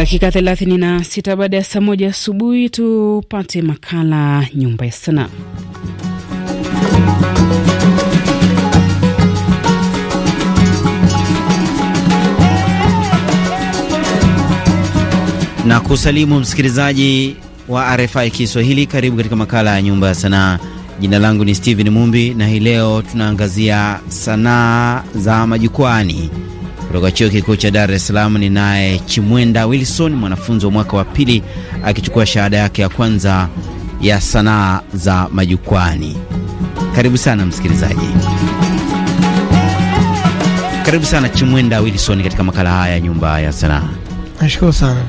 Dakika 36 baada ya saa moja asubuhi, tupate makala nyumba ya sanaa. Na kusalimu msikilizaji wa RFI Kiswahili, karibu katika makala ya nyumba ya sanaa. Jina langu ni Steven Mumbi na hii leo tunaangazia sanaa za majukwani kutoka chuo kikuu cha Dar es Salaam. Ni naye Chimwenda Wilson, mwanafunzi wa mwaka wa pili, akichukua shahada yake ya kwanza ya sanaa za majukwani. Karibu sana msikilizaji, karibu sana Chimwenda Wilson katika makala haya nyumba ya sanaa. Nashukuru sana.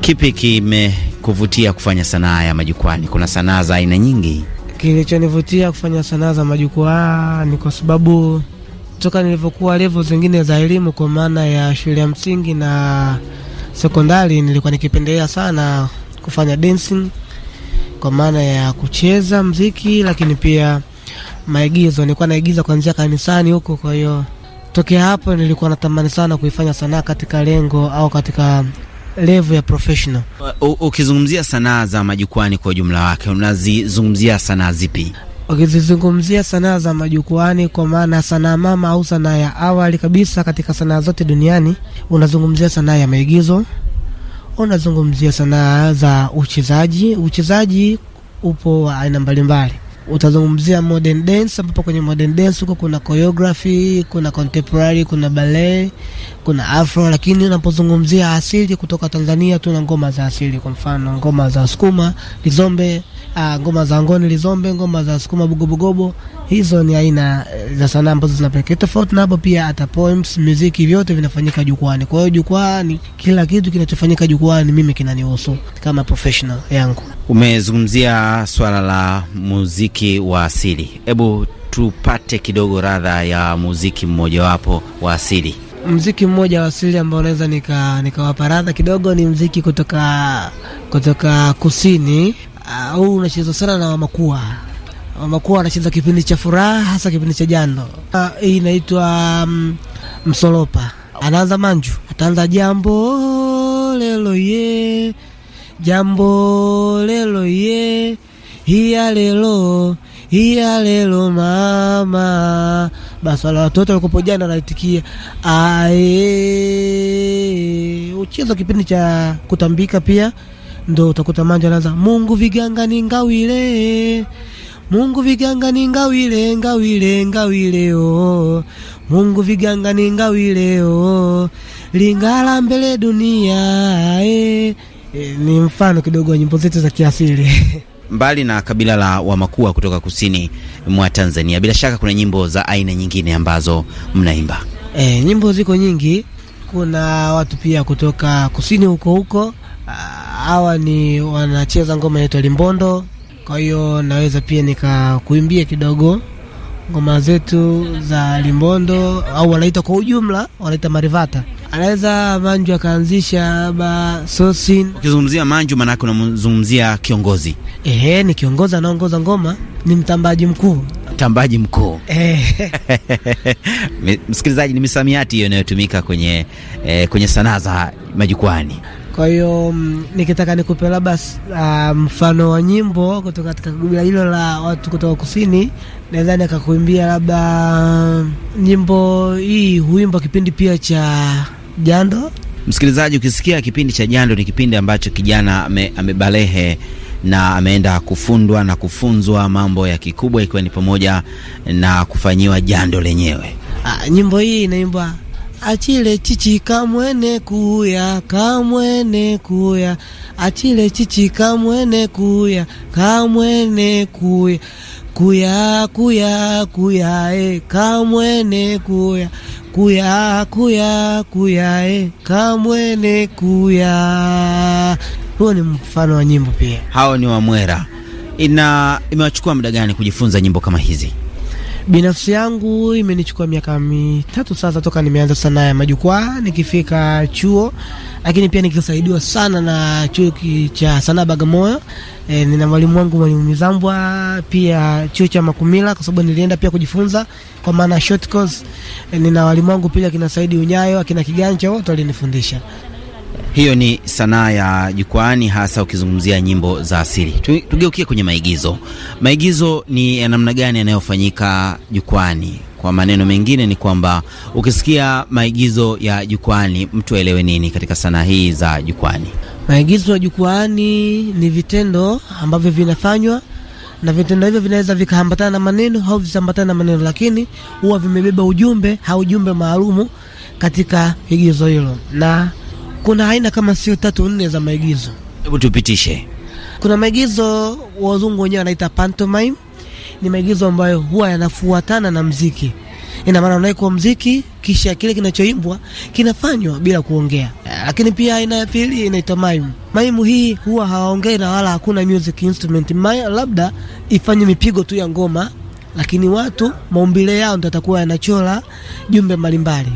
Kipi kimekuvutia kufanya sanaa ya majukwani? Kuna sanaa za aina nyingi. Kilichonivutia kufanya sanaa za majukwani kwa sababu toka nilivyokuwa level zingine za elimu kwa maana ya shule ya msingi na sekondari, nilikuwa nikipendelea sana kufanya dancing kwa maana ya kucheza mziki, lakini pia maigizo. Nilikuwa naigiza kuanzia kanisani huko, kwa hiyo tokea hapo nilikuwa natamani sana kuifanya sanaa katika lengo au katika level ya professional. Ukizungumzia sanaa za majukwani kwa ujumla wake, unazizungumzia sanaa zipi? Wakizizungumzia sanaa za majukwani, kwa maana sanaa mama au sanaa ya awali kabisa katika sanaa zote duniani, unazungumzia sanaa ya maigizo, unazungumzia sanaa za uchezaji. Uchezaji upo wa aina mbalimbali utazungumzia modern dance ambapo kwenye modern dance huko kuna choreography, kuna contemporary, kuna ballet, kuna afro. Lakini unapozungumzia asili kutoka Tanzania, tuna ngoma za asili, kwa mfano ngoma za Sukuma, Lizombe, uh, ngoma za ngoni lizombe, ngoma za sukuma bugobugobo hizo ni aina eh, za sanaa ambazo zinapelekea tofauti. Na hapo pia hata poems, muziki, vyote vinafanyika jukwani. Kwa hiyo jukwani, kila kitu kinachofanyika jukwani mimi kinanihusu kama professional yangu. Umezungumzia swala la muziki wa asili, hebu tupate kidogo radha ya muziki mmojawapo wa asili. Mziki mmoja wa asili ambao naweza nikawapa nika radha kidogo ni mziki kutoka kutoka kusini Ah, au unacheza sana na wamakua. Wamakua anacheza kipindi cha furaha, hasa kipindi cha jando. Ah, hii inaitwa um, msolopa. Anaanza manju, ataanza jambo lelo ye, jambo lelo ye, hiya lelo hiya lelo mama. Basi wala watoto walikopo jana anaitikia ae. Ucheza kipindi cha kutambika pia ndo utakuta manja anaanza Mungu viganga ni ngawile, Mungu viganga ni ngawile, ngawile, ngawile o Mungu viganga ni ngawile o Lingala mbele dunia eh. E, ni mfano kidogo wa nyimbo zetu za kiasili. Mbali na kabila la Wamakua kutoka kusini mwa Tanzania, bila shaka kuna nyimbo za aina nyingine ambazo mnaimba. E, nyimbo ziko nyingi. Kuna watu pia kutoka kusini huko huko hawa ni wanacheza ngoma inaitwa Limbondo. Kwa hiyo naweza pia nikakuimbia kidogo ngoma zetu za Limbondo, au wanaita kwa ujumla, wanaita marivata. Anaweza Manju akaanzisha ba sosin. Ukizungumzia Manju maanake unamzungumzia kiongozi. Ehe, ni kiongozi anaongoza ngoma, ni mtambaji mkuu mtambaji mkuu msikilizaji, ni misamiati hiyo inayotumika kwenye, eh, kwenye sanaa za majukwani. Kwa hiyo mm, nikitaka nikupe labda uh, mfano wa nyimbo kutoka katika kabila hilo la watu kutoka kusini, naweza nikakuimbia labda mm, nyimbo hii huimba kipindi pia cha jando. Msikilizaji, ukisikia kipindi cha jando, ni kipindi ambacho kijana ame, amebalehe na ameenda kufundwa na kufunzwa mambo ya kikubwa, ikiwa ni pamoja na kufanyiwa jando lenyewe. Uh, nyimbo hii inaimbwa achile chichi kamwene kuya kamwene kuya achile chichi kamwene kuya kamwene kuya kuya kuya kuya e eh, kamwene kuya kuya kuya kuya e eh, kamwene kuya. Huo ni mfano wa nyimbo pia. Hao ni Wamwera. Ina imewachukua muda gani kujifunza nyimbo kama hizi? Binafsi yangu imenichukua miaka mitatu sasa toka nimeanza sanaa ya majukwaa nikifika chuo, lakini pia nikisaidiwa sana na chuo cha sanaa Bagamoyo. E, nina mwalimu wangu mwalimu Mizambwa, pia chuo cha Makumila kwa sababu nilienda pia kujifunza kwa maana short course. E, nina walimu wangu pia akina Saidi Unyayo akina Kiganja, wote walinifundisha. Hiyo ni sanaa ya jukwani hasa ukizungumzia nyimbo za asili. Tugeukie kwenye maigizo. Maigizo ni ya namna gani yanayofanyika jukwani Kwa maneno mengine ni kwamba ukisikia maigizo ya jukwani mtu aelewe nini katika sanaa hii za jukwani Maigizo ya jukwani ni vitendo ambavyo vinafanywa na vitendo hivyo vinaweza vikaambatana na maneno au visiambatana na maneno, lakini huwa vimebeba ujumbe au ujumbe maalumu katika igizo hilo na kuna aina kama sio tatu nne za maigizo. Hebu tupitishe. Kuna maigizo wazungu wenyewe wanaita pantomime, ni maigizo ambayo huwa yanafuatana na mziki. Ina maana unaikuwa mziki kisha kile kinachoimbwa kinafanywa bila kuongea. Lakini pia aina ya pili inaitwa mime. Mime hii huwa hawaongei na wala hakuna music instrument. labda ifanye mipigo tu ya ngoma, lakini watu maumbile yao ndo yatakuwa yanachora jumbe mbalimbali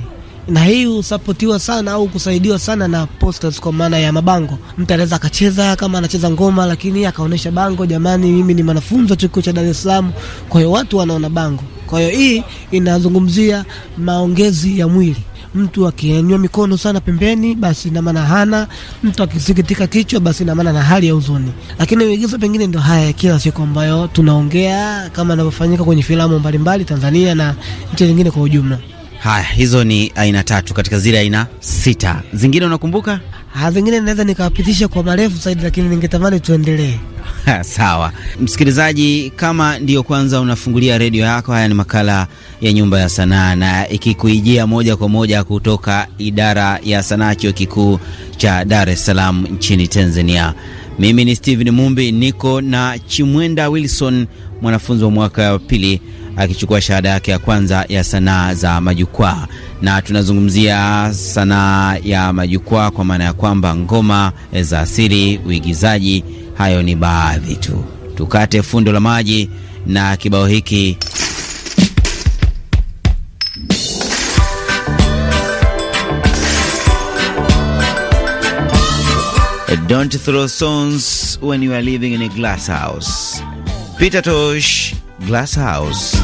na hii husapotiwa sana au kusaidiwa sana na posters, kwa maana ya mabango. Mtu anaweza akacheza kama anacheza ngoma, lakini akaonyesha bango, jamani, mimi ni mwanafunzi wa chuo kikuu cha Dar es Salaam. Kwa hiyo watu wanaona bango. Kwa hiyo hii inazungumzia maongezi ya mwili. Mtu akinyanyua mikono sana pembeni, basi na maana hana. Mtu akisikitika kichwa, basi na maana na hali ya huzuni. Lakini maigizo pengine ndio haya ya kila siku ambayo tunaongea, kama inavyofanyika kwenye filamu mbalimbali Tanzania na nchi nyingine kwa ujumla. Haya, hizo ni aina tatu katika zile aina sita zingine, unakumbuka? Ah, zingine naweza nikawapitisha kwa marefu zaidi, lakini ningetamani tuendelee. Sawa msikilizaji, kama ndiyo kwanza unafungulia redio yako, haya ni makala ya Nyumba ya Sanaa na ikikuijia moja kwa moja kutoka idara ya sanaa, chuo kikuu cha Dar es Salaam nchini Tanzania. Mimi ni Steven Mumbi, niko na Chimwenda Wilson, mwanafunzi wa mwaka wa pili akichukua shahada yake ya kwanza ya sanaa za majukwaa, na tunazungumzia sanaa ya majukwaa kwa maana ya kwamba ngoma za asili, uigizaji, hayo ni baadhi tu. Tukate fundo la maji na kibao hiki. Don't throw stones when you are living in a glass house. Peter Tosh Glass House.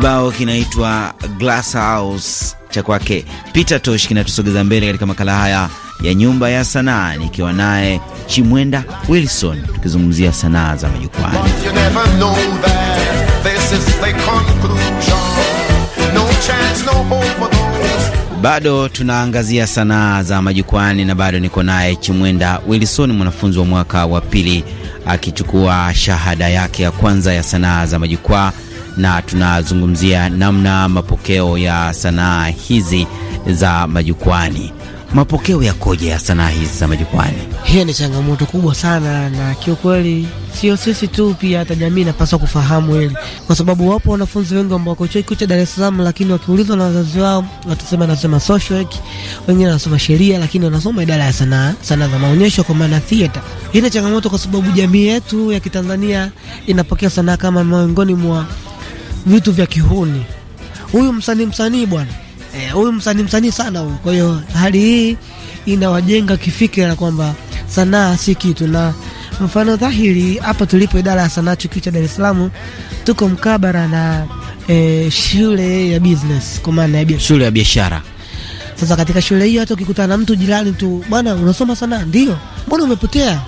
Kibao kinaitwa Glass House cha kwake Peter Tosh kinatusogeza mbele katika makala haya ya nyumba ya sanaa, nikiwa naye Chimwenda Wilson tukizungumzia sanaa za majukwani. Bado tunaangazia sanaa za majukwani na bado niko naye Chimwenda Wilson, mwanafunzi wa mwaka wa pili akichukua shahada yake ya kwanza ya sanaa za majukwaa na tunazungumzia namna mapokeo ya sanaa hizi za majukwani. Mapokeo yakoje ya sanaa hizi za majukwani? Hiyo ni changamoto kubwa sana, na kiukweli sio sisi tu, pia hata jamii inapaswa kufahamu hili, kwa sababu wapo wanafunzi wengi ambao wako chuo kikuu cha Dar es Salaam, lakini wakiulizwa na wazazi wao watasema nasoma social work, wengine wanasoma sheria, lakini wanasoma idara ya sanaa, sanaa za maonyesho, kwa maana theater. Hii ni changamoto kwa sababu jamii yetu ya Kitanzania inapokea sanaa kama miongoni mwa vitu vya kihuni. Huyu msanii msanii bwana eh, huyu msanii msanii sana huyu. Kwa hiyo hali hii inawajenga kifikira kwamba sanaa si kitu, na mfano dhahiri hapa tulipo idara ya sanaa chuo kikuu cha Dar es Salaam, tuko mkabara na e, shule ya business, kwa maana ya shule ya biashara. Sasa katika shule hiyo, hata ukikutana na mtu jirani tu, bwana, unasoma sanaa? Ndio. Mbona umepotea?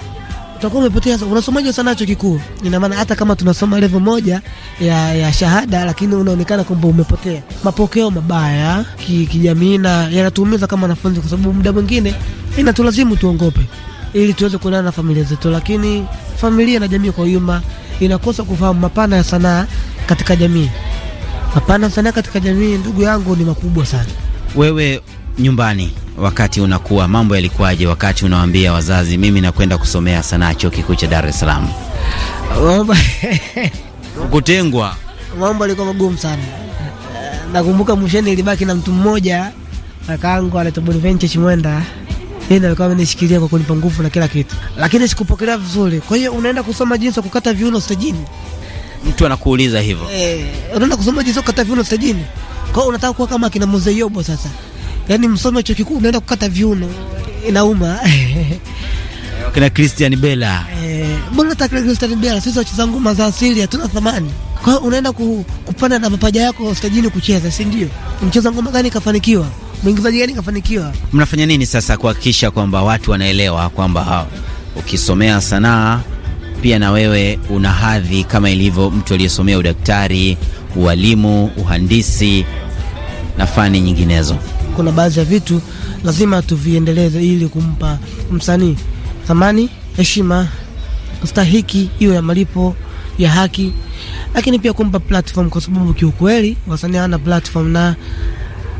tutakuwa umepotea. Unasomaje sana chuo kikuu? Ina maana hata kama tunasoma level moja ya, ya shahada, lakini unaonekana kwamba umepotea. Mapokeo mabaya ki, kijamii na yanatuumiza kama wanafunzi, kwa sababu muda mwingine inatulazimu tuongope ili tuweze kuonana na familia zetu, lakini familia na jamii kwa ujumla inakosa kufahamu mapana ya sanaa katika jamii. Mapana ya sanaa katika jamii, ndugu yangu, ni makubwa sana. Wewe nyumbani wakati unakuwa mambo yalikuwaje, wakati unawaambia wazazi mimi nakwenda kusomea sanaa chuo kikuu cha Dar es Salaam? Kutengwa, mambo yalikuwa magumu sana. Nakumbuka mwishoni nilibaki na mtu mmoja, kakaangu anaitwa Bonaventure Chimwenda yeye alikuwa amenishikilia kwa kunipa nguvu na kila kitu, lakini sikupokelea vizuri. Kwa hiyo unaenda kusoma jinsi ya kukata viuno stajini, mtu anakuuliza hivyo eh? Unaenda kusoma jinsi ya kukata viuno stajini, kwa hiyo unataka kuwa kama kina Mzee Yobo sasa yani msomi wa chuo kikuu unaenda kukata viuno, inauma. Kina Christian Bella eh, bora ta Christian Bella, sisi wacheza ngoma za asili hatuna thamani. Kwa hiyo unaenda ku, kupanda na mapaja yako stajini kucheza, si ndio? Mcheza ngoma gani kafanikiwa? Mwingizaji gani kafanikiwa? Mnafanya nini sasa kuhakikisha kwamba watu wanaelewa kwamba ukisomea sanaa pia na wewe una hadhi kama ilivyo mtu aliyesomea udaktari, ualimu, uhandisi na fani nyinginezo? kuna baadhi ya vitu lazima tuviendeleze ili kumpa msanii thamani, heshima stahiki hiyo ya malipo ya haki, lakini pia kumpa platform, kwa sababu kiukweli wasanii hawana platform. Na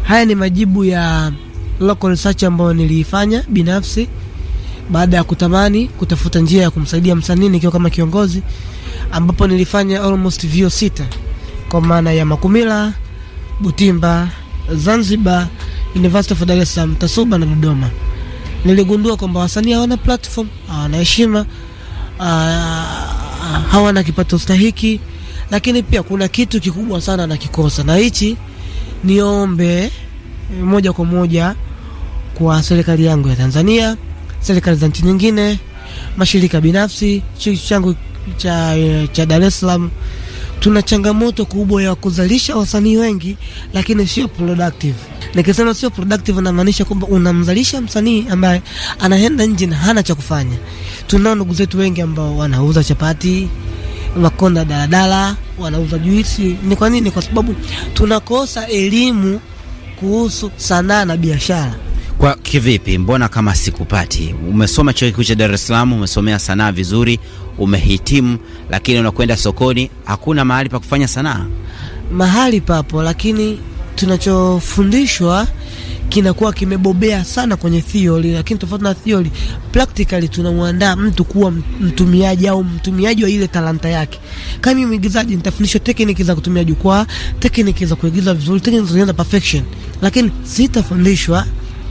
haya ni majibu ya local research ambayo niliifanya binafsi baada ya kutamani kutafuta njia ya kumsaidia msanii nikiwa kama kiongozi, ambapo nilifanya almost vio sita kwa maana ya Makumila, Butimba, Zanzibar University of Dar es Salaam, Tasuba na Dodoma, niligundua kwamba wasanii hawana platform, hawana heshima, ah, hawana kipato stahiki, lakini pia kuna kitu kikubwa sana nakikosa, na hichi niombe eh, moja kwa moja kwa serikali yangu ya Tanzania, serikali za nchi nyingine, mashirika binafsi. Chuo changu cha, cha Dar es Salaam tuna changamoto kubwa ya kuzalisha wasanii wengi, lakini sio productive. Nikisema sio productive, namaanisha kwamba unamzalisha msanii ambaye anaenda nje na hana cha kufanya. Tunao ndugu zetu wengi ambao wanauza chapati, wakonda daladala, wanauza juisi. Ni kwa nini? Kwa sababu tunakosa elimu kuhusu sanaa na biashara. Kwa kivipi? Mbona kama sikupati? Umesoma chuo kikuu cha Dar es Salaam, umesomea sanaa vizuri, umehitimu, lakini unakwenda sokoni, hakuna mahali pa kufanya sanaa. Mahali papo, lakini tunachofundishwa kinakuwa kimebobea sana kwenye theory, lakini tofauti na theory, practically tunamwandaa mtu kuwa mtumiaji au mtumiaji wa ile talanta yake. Kama mimi mwigizaji, nitafundishwa technique za kutumia jukwaa, technique za kuigiza vizuri, technique za kuenda perfection, lakini sitafundishwa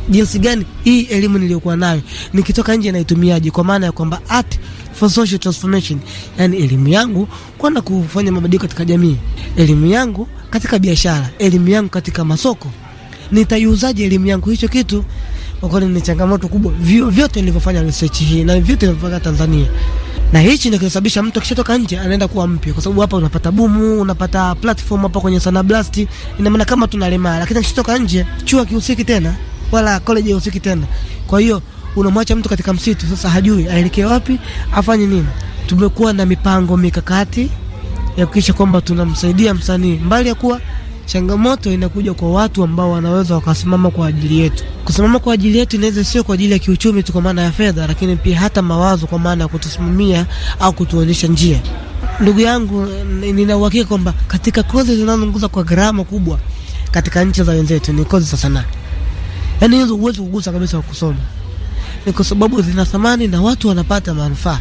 jinsi gani hii elimu niliyokuwa nayo nikitoka nje naitumiaje, kwa maana ya kwamba art for social transformation, yani elimu yangu kwenda kufanya mabadiliko katika jamii, elimu yangu katika biashara, elimu yangu katika masoko, nitaiuzaje elimu yangu? Hicho kitu kwa kweli ni changamoto kubwa, vyote nilivyofanya research hii na vyote nilivyofanya Tanzania na hichi ndio kinasababisha mtu akishatoka nje anaenda kuwa mpya, kwa sababu hapa unapata bumu, unapata platform hapa kwenye Sana Blast. Ina maana kama tunalemaa, lakini akishatoka nje chuo kihusiki tena wala college haihusiki tena. Kwa hiyo unamwacha mtu katika msitu, sasa hajui aelekee wapi, afanye nini. Tumekuwa na mipango mikakati ya kuhakikisha kwamba tunamsaidia msanii, mbali ya kuwa changamoto inakuja kwa watu ambao wanaweza wakasimama kwa ajili yetu. Kusimama kwa ajili yetu inaweza sio kwa ajili ya kiuchumi tu, kwa maana ya fedha, lakini pia hata mawazo, kwa maana ya kutusimamia au kutuonyesha njia. Ndugu yangu, nina uhakika kwamba katika kozi zinazozunguza kwa gharama kubwa katika nchi za wenzetu ni kozi za sanaa, yaani hizo huwezi kugusa kabisa wa kusoma, ni kwa sababu zina thamani na watu wanapata manufaa.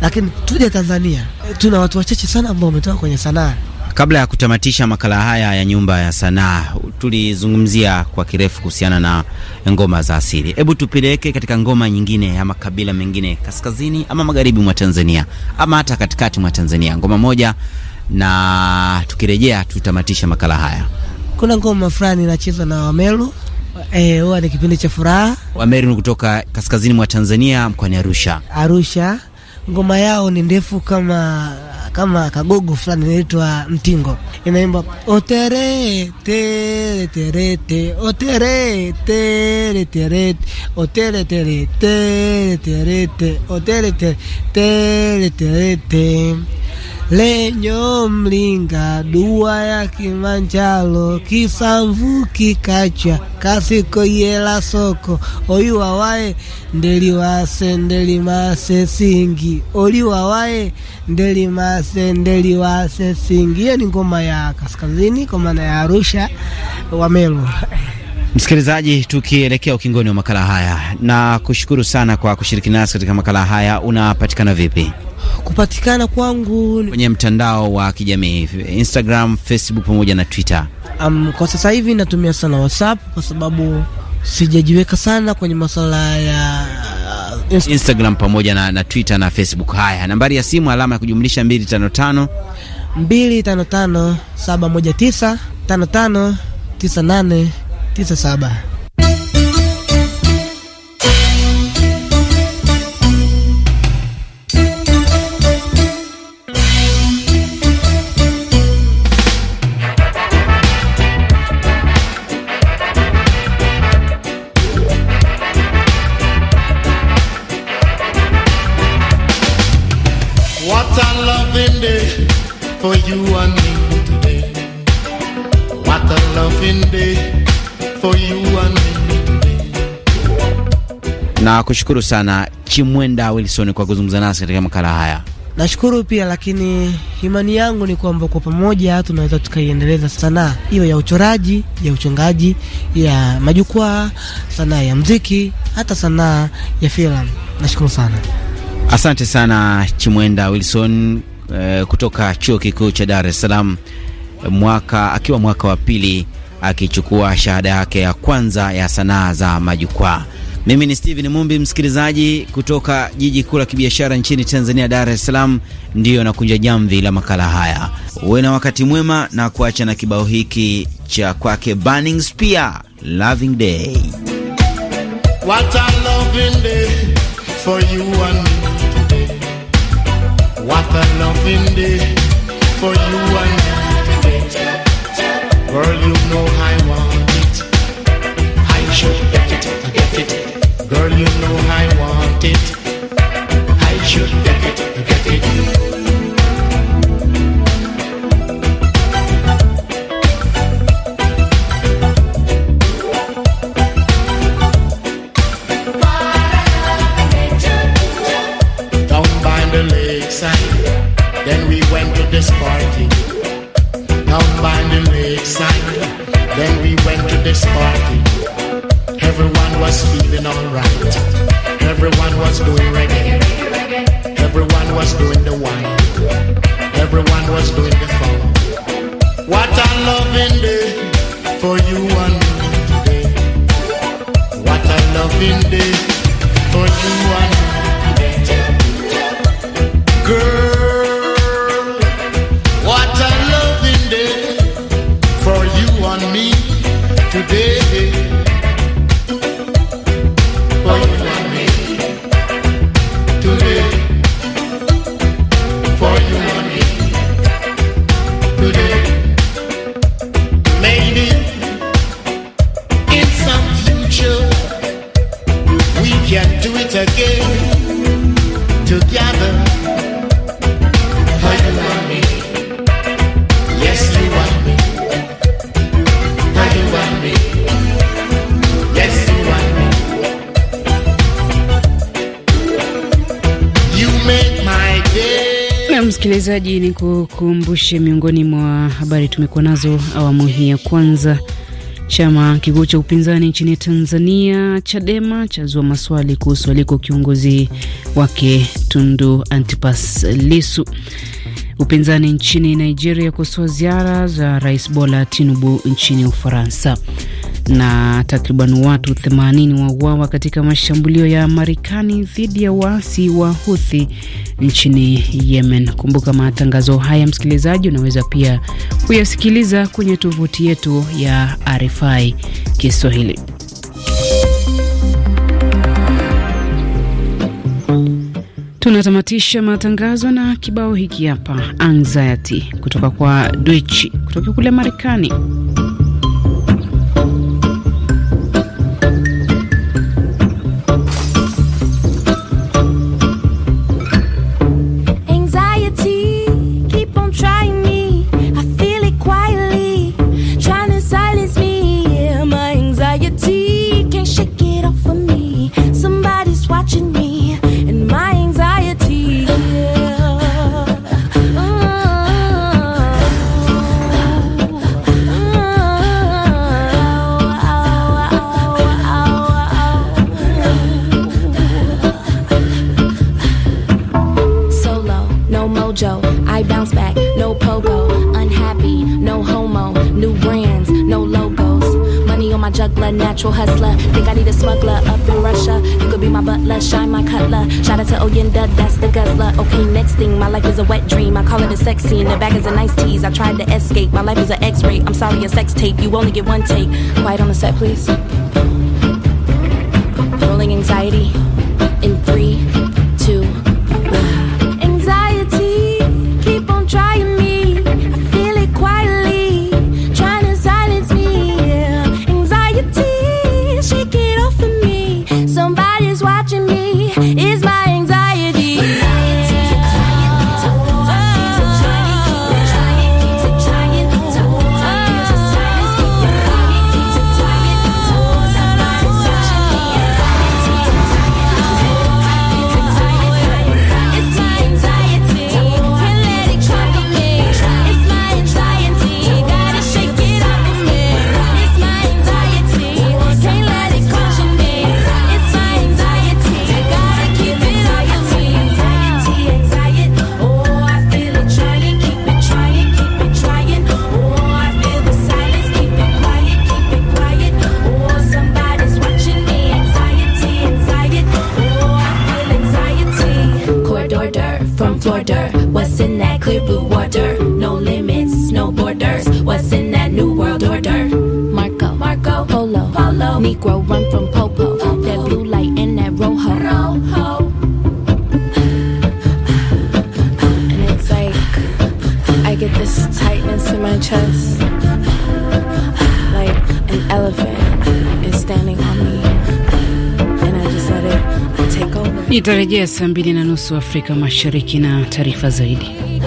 Lakini tuja Tanzania tuna watu wachache sana ambao wametoka kwenye sanaa. Kabla ya kutamatisha makala haya ya nyumba ya sanaa, tulizungumzia kwa kirefu kuhusiana na ngoma za asili. Hebu tupeleke katika ngoma nyingine ya makabila mengine kaskazini ama magharibi mwa Tanzania ama hata katikati mwa Tanzania, ngoma moja, na tukirejea tutamatisha makala haya. Kuna ngoma fulani inachezwa na Wameru eh, huwa e, ni kipindi cha furaha. Wameru ni kutoka kaskazini mwa Tanzania, mkoani Arusha. Arusha ngoma yao ni ndefu kama kama kagogo fulani inaitwa mtingo, inaimba otere tere tere otere tere tere otere tere tere tere otere tere tere tere lenyo mlinga dua ya Kimanjalo kacha kasiko kasikoyela soko oyiwawaye ndeliwase ndelimase singi oliwawaye ndelimase ndeliwase singi. Hiyo ni ngoma ya kaskazini kwa maana ya Arusha wamelo Msikilizaji, tukielekea ukingoni wa makala haya, na kushukuru sana kwa kushiriki nasi katika makala haya. Unapatikana vipi? Kupatikana kwangu kwenye mtandao wa kijamii Instagram, Facebook pamoja na Twitter. Um, kwa sasa hivi natumia sana WhatsApp kwa sababu sijajiweka sana kwenye masuala ya uh, Inst Instagram pamoja na, na Twitter na Facebook. Haya, nambari ya simu alama ya kujumlisha 255 255 719 5598 97 Nakushukuru sana Chimwenda Wilson kwa kuzungumza nasi katika makala haya. Nashukuru pia lakini imani yangu ni kwamba kwa pamoja tunaweza tukaiendeleza sanaa hiyo ya uchoraji, ya uchongaji, ya majukwaa, sanaa ya mziki, hata sanaa ya filamu. Nashukuru sana, asante sana Chimwenda Wilson eh, kutoka Chuo Kikuu cha Dar es Salaam mwaka akiwa mwaka wa pili akichukua shahada yake ya kwanza ya sanaa za majukwaa. Mimi ni Steven Mumbi, msikilizaji kutoka jiji kuu la kibiashara nchini Tanzania, Dar es Salaam, ndiyo nakunja jamvi la makala haya. Uwe na wakati mwema na kuacha na kibao hiki cha kwake Burning Spear, Loving Day. What a loving day for you and me What a loving day for you and me Girl, you know I want it. I should Girl, you know I want it msikilizaji, ni kukumbushe miongoni mwa habari tumekuwa nazo awamu hii ya kwanza. Chama kikuu cha upinzani nchini Tanzania, Chadema, chazua maswali kuhusu aliko kiongozi wake Tundu Antipas Lisu. Upinzani nchini Nigeria kosoa ziara za Rais Bola Tinubu nchini Ufaransa na takriban watu 80 wauawa katika mashambulio ya Marekani dhidi ya waasi wa Houthi nchini Yemen. Kumbuka matangazo haya, msikilizaji, unaweza pia kuyasikiliza kwenye tovuti yetu ya RFI Kiswahili. Tunatamatisha matangazo na kibao hiki hapa, Anxiety kutoka kwa Deutsche kutoka kule Marekani. pogo. Unhappy, no homo. New brands, no logos. Money on my juggler, natural hustler. Think I need a smuggler up in Russia. You could be my butler, shine my cutler. Shout out to Oyenda, that's the guzzler. Okay, next thing, my life is a wet dream. I call it a sex scene. The bag is a nice tease. I tried to escape. My life is an x ray. I'm sorry, a sex tape. You only get one take. Quiet on the set, please. Rolling anxiety. Negro run from Popo. That blue light and that Rojo. And it's like I get this tightness in my chest, like an elephant is standing on me, and I just saa mbili na nusu Afrika Mashariki na taarifa zaidi.